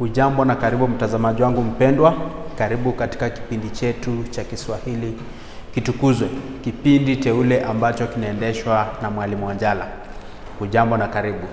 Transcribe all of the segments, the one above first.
Hujambo na karibu mtazamaji wangu mpendwa, karibu katika kipindi chetu cha Kiswahili Kitukuzwe, kipindi teule ambacho kinaendeshwa na Mwalimu Wanjala. Hujambo na karibu.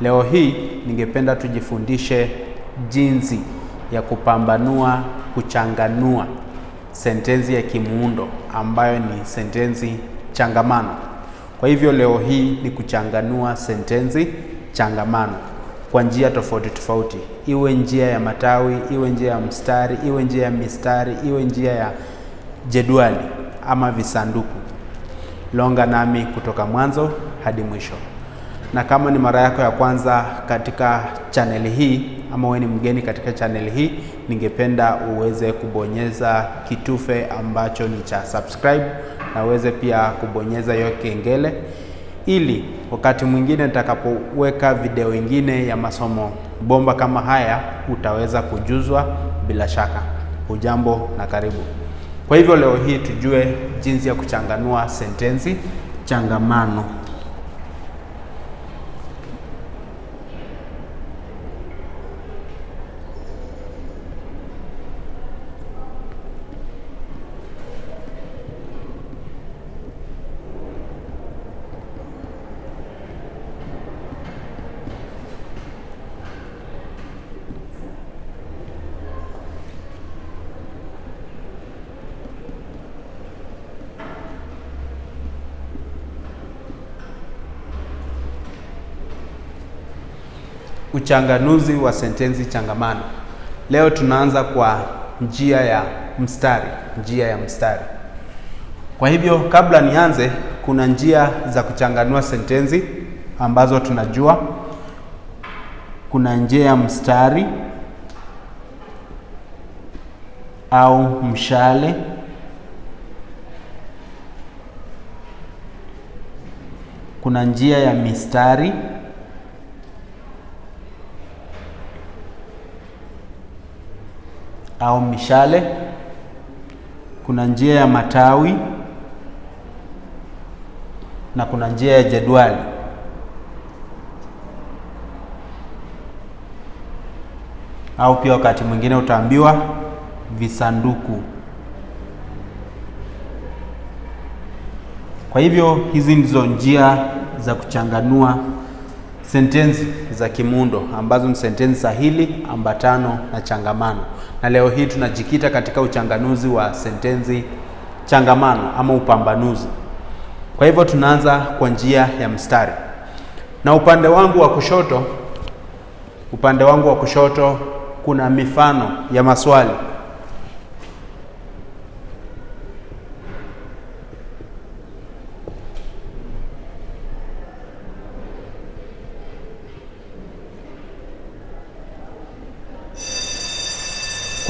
Leo hii ningependa tujifundishe jinsi ya kupambanua, kuchanganua sentensi ya kimuundo ambayo ni sentensi changamano. Kwa hivyo leo hii ni kuchanganua sentensi changamano kwa njia tofauti tofauti, iwe njia ya matawi, iwe njia ya mstari, iwe njia ya mistari, iwe njia ya jedwali ama visanduku. Longa nami kutoka mwanzo hadi mwisho. Na kama ni mara yako ya kwanza katika chaneli hii ama wewe ni mgeni katika chaneli hii, ningependa uweze kubonyeza kitufe ambacho ni cha subscribe na uweze pia kubonyeza hiyo kengele ili wakati mwingine nitakapoweka video ingine ya masomo bomba kama haya utaweza kujuzwa bila shaka. Hujambo na karibu. Kwa hivyo leo hii tujue jinsi ya kuchanganua sentensi changamano. Uchanganuzi wa sentensi changamano. Leo tunaanza kwa njia ya mstari, njia ya mstari. Kwa hivyo kabla nianze, kuna njia za kuchanganua sentensi ambazo tunajua. Kuna njia ya mstari au mshale, kuna njia ya mistari au mishale, kuna njia ya matawi na kuna njia ya jedwali. Au pia wakati mwingine utaambiwa visanduku. Kwa hivyo hizi ndizo njia za kuchanganua sentensi za kimuundo ambazo ni sentensi sahili, ambatano na changamano na leo hii tunajikita katika uchanganuzi wa sentensi changamano ama upambanuzi. Kwa hivyo tunaanza kwa njia ya mstari, na upande wangu wa kushoto, upande wangu wa kushoto kuna mifano ya maswali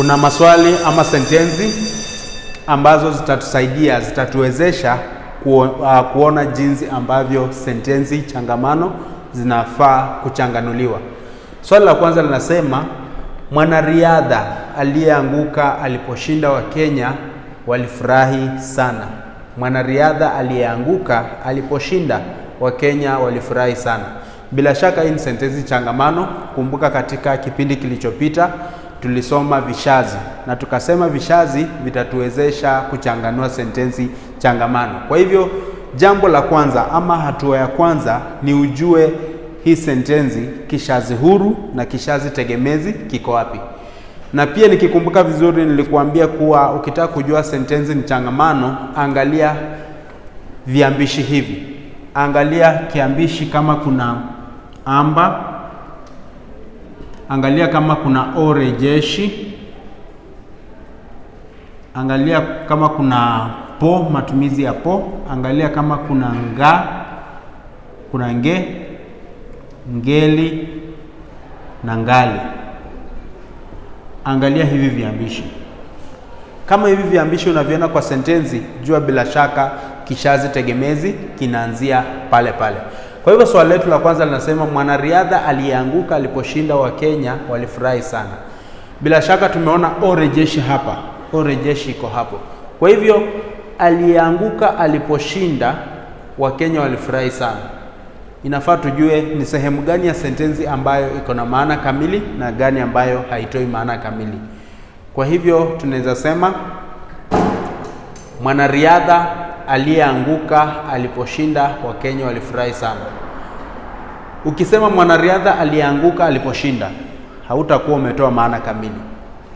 kuna maswali ama sentensi ambazo zitatusaidia zitatuwezesha uh, kuona jinsi ambavyo sentensi changamano zinafaa kuchanganuliwa. Swali la kwanza linasema mwanariadha aliyeanguka aliposhinda Wakenya walifurahi sana. Mwanariadha aliyeanguka aliposhinda Wakenya walifurahi sana. Bila shaka hii ni sentensi changamano. Kumbuka katika kipindi kilichopita tulisoma vishazi na tukasema vishazi vitatuwezesha kuchanganua sentensi changamano. Kwa hivyo jambo la kwanza ama hatua ya kwanza ni ujue hii sentensi kishazi huru na kishazi tegemezi kiko wapi. Na pia nikikumbuka vizuri, nilikuambia kuwa ukitaka kujua sentensi ni changamano, angalia viambishi hivi, angalia kiambishi kama kuna amba angalia kama kuna orejeshi angalia kama kuna po, matumizi ya po, angalia kama kuna nga, kuna nge, ngeli na ngali. Angalia hivi viambishi. Kama hivi viambishi unaviona kwa sentensi, jua bila shaka kishazi tegemezi kinaanzia pale pale. Kwa hivyo swali letu la kwanza linasema mwanariadha aliyeanguka aliposhinda Wakenya walifurahi sana. Bila shaka tumeona orejeshi hapa, orejeshi iko hapo. Kwa hivyo aliyeanguka aliposhinda Wakenya walifurahi sana. Inafaa tujue ni sehemu gani ya sentensi ambayo iko na maana kamili na gani ambayo haitoi maana kamili. Kwa hivyo tunaweza sema mwanariadha aliyeanguka aliposhinda, Wakenya walifurahi sana. Ukisema mwanariadha aliyeanguka aliposhinda, hautakuwa umetoa maana kamili,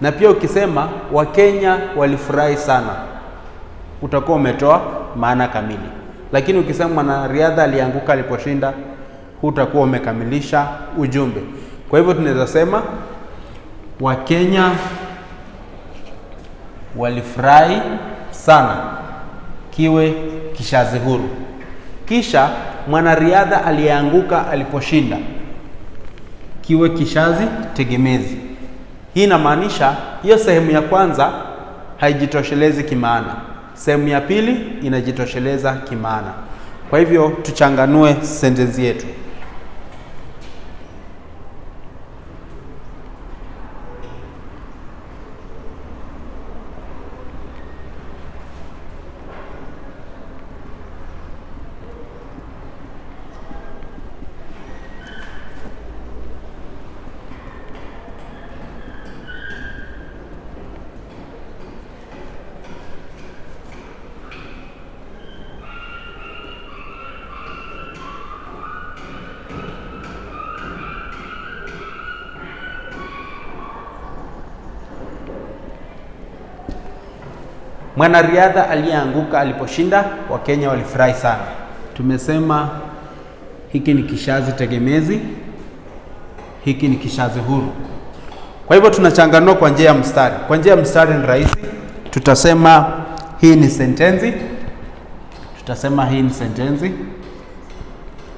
na pia ukisema Wakenya walifurahi sana, utakuwa umetoa maana kamili. Lakini ukisema mwanariadha aliyeanguka aliposhinda, hutakuwa umekamilisha ujumbe. Kwa hivyo tunaweza sema Wakenya walifurahi sana kiwe kishazi huru. Kisha mwanariadha aliyeanguka aliposhinda kiwe kishazi tegemezi. Hii inamaanisha hiyo sehemu ya kwanza haijitoshelezi kimaana, sehemu ya pili inajitosheleza kimaana. Kwa hivyo tuchanganue sentensi yetu. Mwanariadha aliyeanguka aliposhinda, Wakenya walifurahi sana. Tumesema hiki ni kishazi tegemezi, hiki ni kishazi huru. Kwa hivyo tunachanganua kwa njia ya mstari. Kwa njia ya mstari ni rahisi, tutasema hii ni sentensi, tutasema hii ni sentensi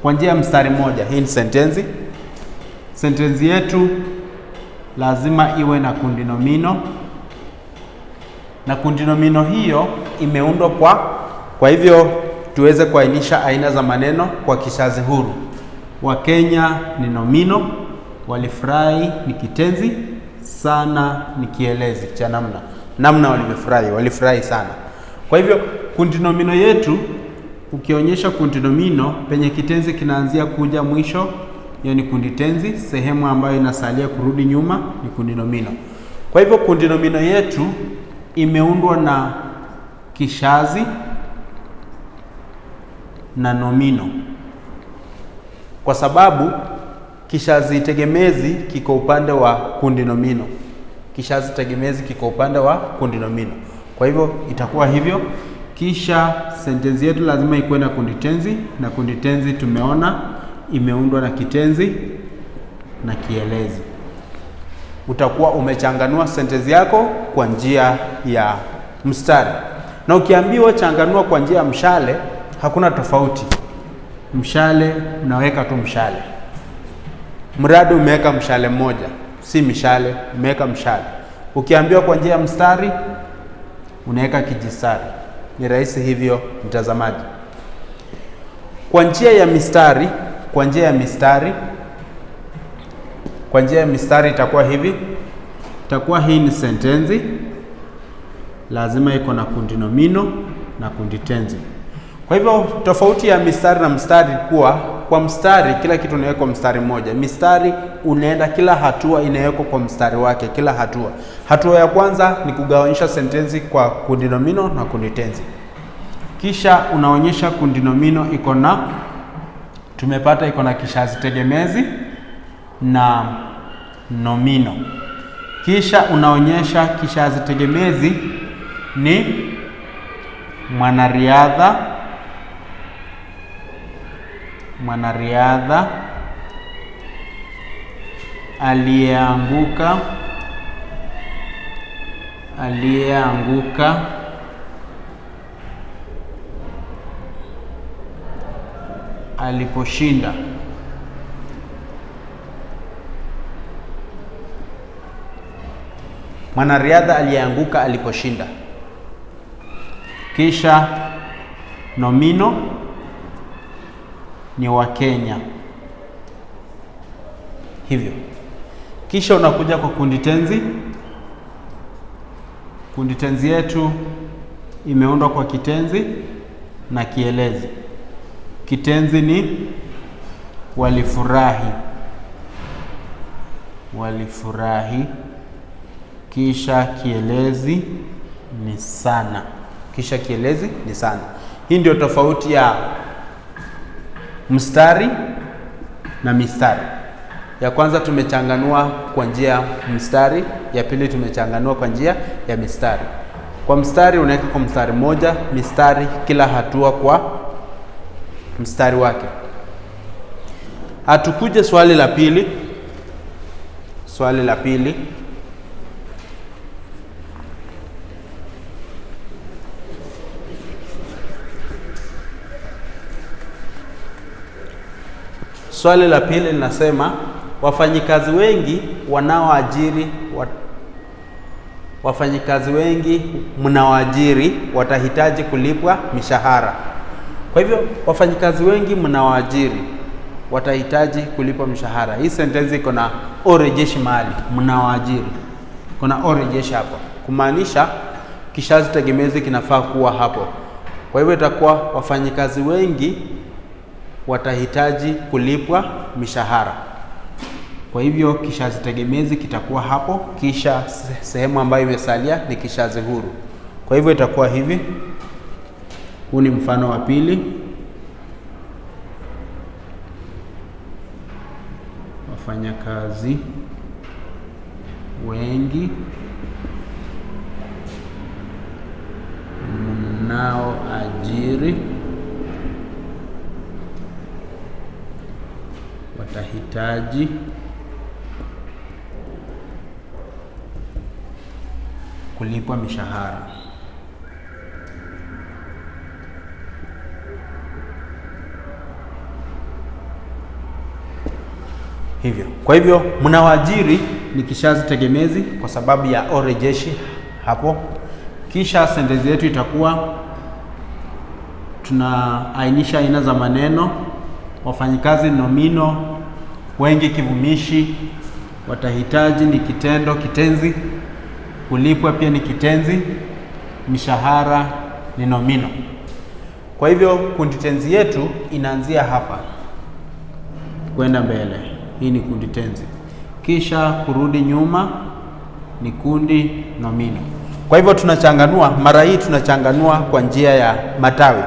kwa njia ya mstari moja Hii ni sentensi. Sentensi yetu lazima iwe na kundi nomino na kundi nomino hiyo imeundwa kwa, kwa hivyo tuweze kuainisha aina za maneno kwa kishazi huru. Wakenya ni nomino, walifurahi ni kitenzi, sana ni kielezi cha namna namna walivyofurahi, walifurahi sana. Kwa hivyo kundi nomino yetu ukionyesha kundi nomino penye kitenzi kinaanzia kuja mwisho, hiyo ni kundi tenzi. Sehemu ambayo inasalia kurudi nyuma ni kundi nomino. Kwa hivyo kundi nomino yetu imeundwa na kishazi na nomino, kwa sababu kishazi tegemezi kiko upande wa kundi nomino. Kishazi tegemezi kiko upande wa kundi nomino, kwa hivyo itakuwa hivyo. Kisha sentensi yetu lazima ikuwe na kundi tenzi, na kundi tenzi tumeona imeundwa na kitenzi na kielezi utakuwa umechanganua sentensi yako kwa njia ya mstari, na ukiambiwa changanua kwa njia ya mshale, hakuna tofauti. Mshale unaweka tu mshale, mradi umeweka mshale mmoja, si mishale, umeweka mshale. Ukiambiwa kwa njia ya mstari, unaweka kijistari. Ni rahisi hivyo, mtazamaji. Kwa njia ya mistari, kwa njia ya mistari kwa njia ya mistari itakuwa hivi, itakuwa hii ni sentensi, lazima iko na kundi nomino na kundi tenzi. Kwa hivyo tofauti ya mistari na mstari kuwa kwa mstari kila kitu inawekwa mstari mmoja. Mistari unaenda kila hatua inawekwa kwa mstari wake, kila hatua. Hatua ya kwanza ni kugawanyisha sentensi kwa kundi nomino na kundi tenzi, kisha unaonyesha kundi nomino iko na tumepata, iko na kishazi tegemezi na nomino. Kisha unaonyesha kishazi tegemezi ni mwanariadha, mwanariadha aliyeanguka, aliyeanguka aliposhinda. mwanariadha aliyeanguka aliposhinda. Kisha nomino ni wa Kenya hivyo. Kisha unakuja kwa kundi tenzi. Kundi tenzi yetu imeundwa kwa kitenzi na kielezi. Kitenzi ni walifurahi, walifurahi kisha kielezi ni sana, kisha kielezi ni sana. Hii ndio tofauti ya mstari na mistari. Ya kwanza tumechanganua kwa njia ya mstari, ya pili tumechanganua kwa njia ya mistari. Kwa mstari unaweka kwa mstari mmoja, mistari kila hatua kwa mstari wake. hatukuje swali la pili, swali la pili Swali la pili linasema wafanyikazi wengi wanaoajiri wa, wafanyikazi wengi mnaoajiri watahitaji kulipwa mishahara. Kwa hivyo wafanyikazi wengi mnaoajiri watahitaji kulipwa mishahara Hii sentensi iko na orejeshi mali, mnaoajiri, kuna orejeshi hapo kumaanisha kishazi tegemezi kinafaa kuwa hapo. Kwa hivyo itakuwa wafanyikazi wengi watahitaji kulipwa mishahara. Kwa hivyo kishazi tegemezi kitakuwa hapo, kisha sehemu ambayo imesalia ni kishazi huru. Kwa hivyo itakuwa hivi. Huu ni mfano wa pili, wafanyakazi wengi mnao ajiri watahitaji kulipwa mishahara. Hivyo kwa hivyo mnawaajiri ni kishazi tegemezi kwa sababu ya orejeshi hapo, kisha sentensi yetu itakuwa tunaainisha aina za maneno wafanyikazi nomino wengi kivumishi, watahitaji ni kitendo kitenzi, kulipwa pia ni kitenzi, mishahara ni nomino. Kwa hivyo kundi tenzi yetu inaanzia hapa kwenda mbele, hii ni kundi tenzi, kisha kurudi nyuma ni kundi nomino. Kwa hivyo tunachanganua, mara hii tunachanganua kwa njia ya matawi.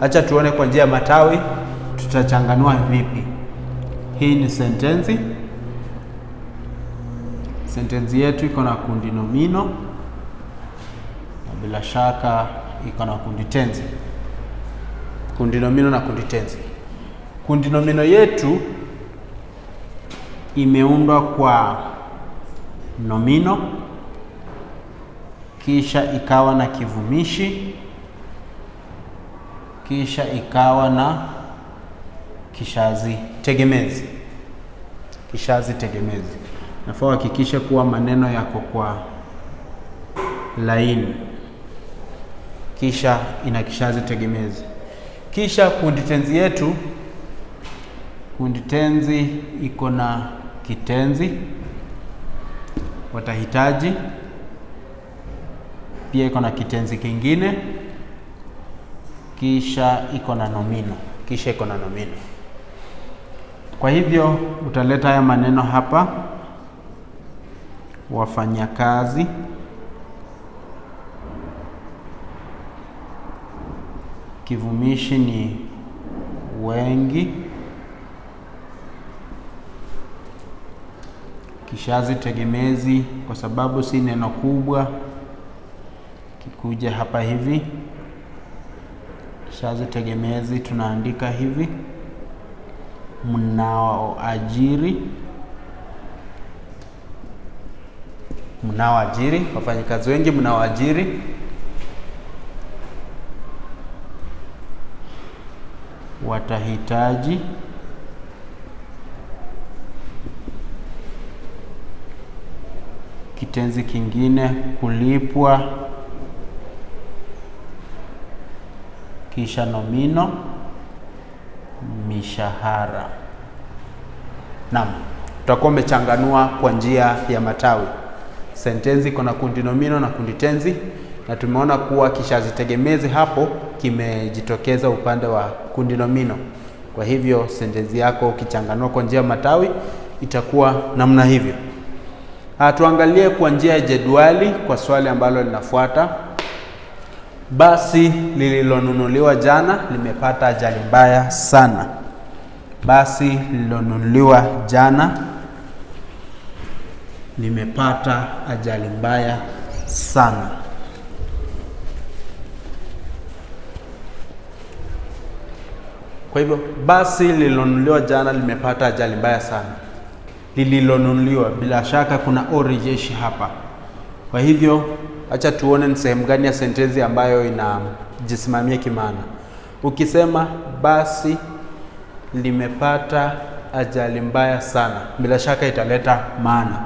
Acha tuone kwa njia ya matawi tutachanganua vipi. Hii ni sentensi. Sentensi yetu iko na kundi nomino na bila shaka iko na kundi tenzi. Kundi nomino na kundi tenzi. Kundi nomino yetu imeundwa kwa nomino kisha ikawa na kivumishi kisha ikawa na kishazi tegemezi, kishazi tegemezi. Nafaa uhakikishe kuwa maneno yako kwa laini, kisha ina kishazi tegemezi. Kisha kundi tenzi yetu, kundi tenzi iko na kitenzi, watahitaji pia iko na kitenzi kingine, kisha iko na nomino, kisha iko na nomino. Kwa hivyo utaleta haya maneno hapa, wafanyakazi kivumishi ni wengi, kishazi tegemezi, kwa sababu si neno kubwa, kikuja hapa hivi. Kishazi tegemezi tunaandika hivi mnaoajiri mnaoajiri wafanyakazi wengi mnaoajiri watahitaji kitenzi kingine kulipwa kisha nomino mishahara. Naam, tutakuwa umechanganua kwa njia ya matawi. Sentensi kuna kundi nomino na kundi tenzi, na tumeona kuwa kishazitegemezi hapo kimejitokeza upande wa kundi nomino. Kwa hivyo sentensi yako ukichanganua kwa njia ya matawi itakuwa namna hivyo. Ah, tuangalie kwa njia ya jedwali kwa swali ambalo linafuata. Basi lililonunuliwa jana limepata ajali mbaya sana. Basi lililonunuliwa jana limepata ajali mbaya sana. Kwa hivyo basi lililonunuliwa jana limepata ajali mbaya sana. Lililonunuliwa, bila shaka kuna orejeshi hapa, kwa hivyo Acha tuone ni sehemu gani ya sentensi ambayo inajisimamia kimaana. Ukisema basi limepata ajali mbaya sana, bila shaka italeta maana,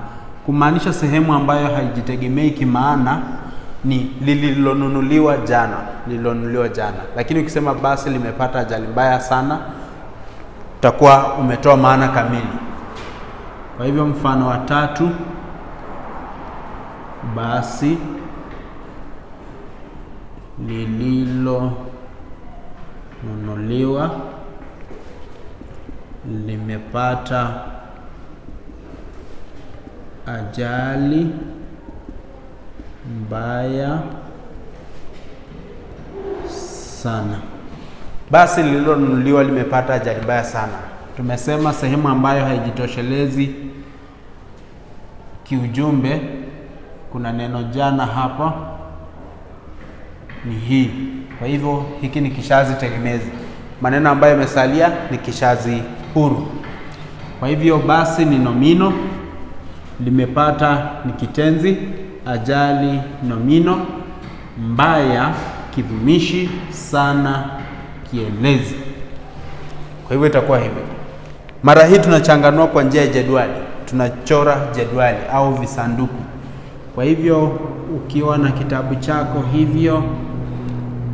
kumaanisha sehemu ambayo haijitegemei kimaana ni lililonunuliwa jana, lililonunuliwa jana. Lakini ukisema basi limepata ajali mbaya sana, utakuwa umetoa maana kamili. Kwa hivyo mfano wa tatu basi lililonunuliwa limepata ajali mbaya sana. Basi lililonunuliwa limepata ajali mbaya sana. Tumesema sehemu ambayo haijitoshelezi kiujumbe kuna neno jana hapa ni hii. Kwa hivyo hiki ni kishazi tegemezi, maneno ambayo yamesalia ni kishazi huru. Kwa hivyo basi ni nomino, limepata ni kitenzi, ajali nomino, mbaya kivumishi, sana kielezi. Kwa hivyo itakuwa hivyo. Mara hii tunachanganua kwa njia ya jedwali, tunachora jedwali au visanduku kwa hivyo ukiwa na kitabu chako hivyo,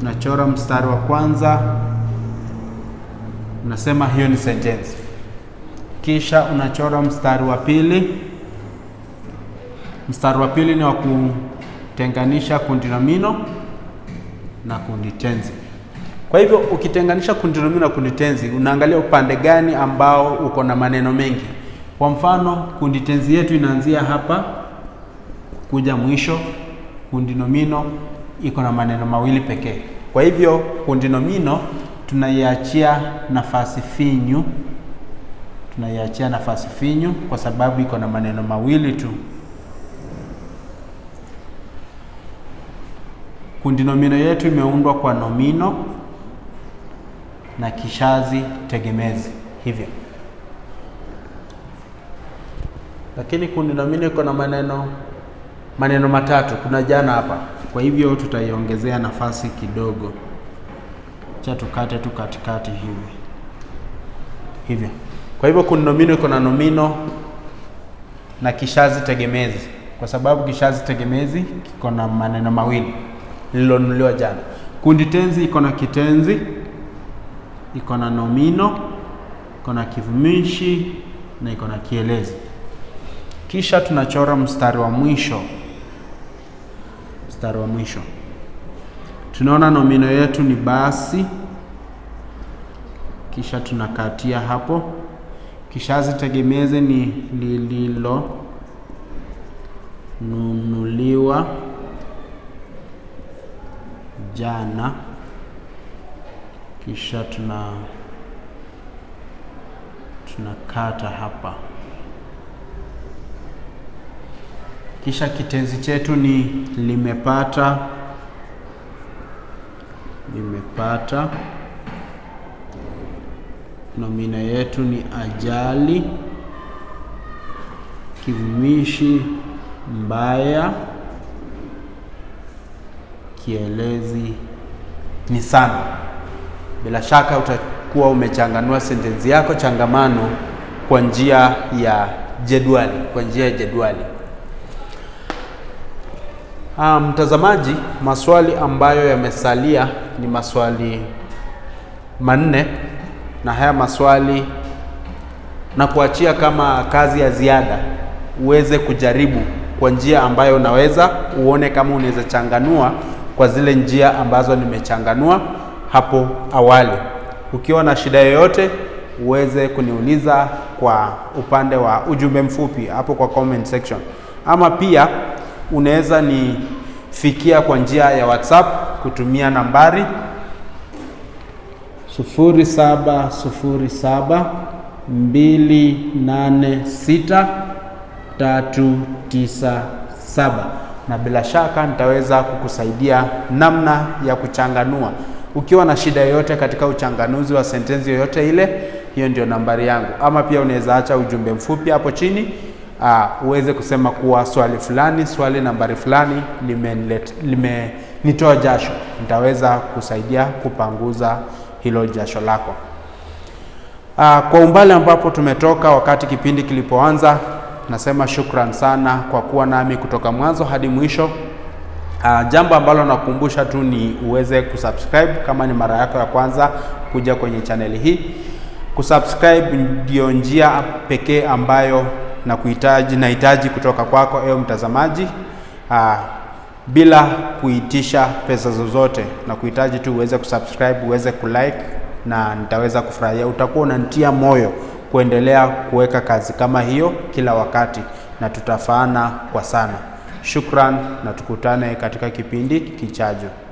unachora mstari wa kwanza, unasema hiyo ni sentensi, kisha unachora mstari wa pili. Mstari wa pili ni wa kutenganisha kundi nomino na kundi tenzi. Kwa hivyo ukitenganisha kundi nomino na kundi tenzi, unaangalia upande gani ambao uko na maneno mengi. Kwa mfano kundi tenzi yetu inaanzia hapa kuja mwisho kundinomino iko na maneno mawili pekee. Kwa hivyo kundinomino tunaiachia nafasi finyu, tunaiachia nafasi finyu kwa sababu iko na maneno mawili tu. Kundinomino yetu imeundwa kwa nomino na kishazi tegemezi hivyo, lakini kundinomino iko na maneno maneno matatu, kuna jana hapa, kwa hivyo tutaiongezea nafasi kidogo, cha tukate tu katikati hivi hivyo. Kwa hivyo kuna nomino na kishazi tegemezi, kwa sababu kishazi tegemezi kiko na maneno mawili lilonuliwa jana. Kundi tenzi iko na kitenzi, iko na nomino, iko na kivumishi na iko na kielezi. Kisha tunachora mstari wa mwisho mstari wa mwisho. Tunaona nomino yetu ni basi, kisha tunakatia hapo, kishazi tegemeze ni lililonunuliwa jana, kisha tuna tunakata hapa. Kisha kitenzi chetu ni limepata, limepata. Nomina yetu ni ajali. Kivumishi mbaya, kielezi ni sana. Bila shaka utakuwa umechanganua sentensi yako changamano kwa njia ya jedwali, kwa njia ya jedwali. Ah, mtazamaji, um, maswali ambayo yamesalia ni maswali manne, na haya maswali na kuachia kama kazi ya ziada uweze kujaribu kwa njia ambayo unaweza uone kama unaweza changanua kwa zile njia ambazo nimechanganua hapo awali. Ukiwa na shida yoyote uweze kuniuliza kwa upande wa ujumbe mfupi hapo kwa comment section, ama pia unaweza nifikia kwa njia ya WhatsApp kutumia nambari 0707 286 na bila shaka nitaweza kukusaidia namna ya kuchanganua. Ukiwa na shida yoyote katika uchanganuzi wa sentensi yoyote ile, hiyo ndio nambari yangu. Ama pia unaweza acha ujumbe mfupi hapo chini uh, uweze kusema kuwa swali fulani, swali nambari fulani limenitoa lime jasho, nitaweza kusaidia kupanguza hilo jasho lako. Uh, kwa umbali ambapo tumetoka wakati kipindi kilipoanza, nasema shukran sana kwa kuwa nami kutoka mwanzo hadi mwisho. Uh, jambo ambalo nakumbusha tu ni uweze kusubscribe kama ni mara yako ya kwanza kuja kwenye chaneli hii. Kusubscribe ndio njia pekee ambayo na kuhitaji nahitaji kutoka kwako ewe mtazamaji aa, ah, bila kuitisha pesa zozote, na kuhitaji tu uweze kusubscribe, uweze kulike na nitaweza kufurahia. Utakuwa unanitia moyo kuendelea kuweka kazi kama hiyo kila wakati, na tutafaana kwa sana. Shukran, na tukutane katika kipindi kichajo.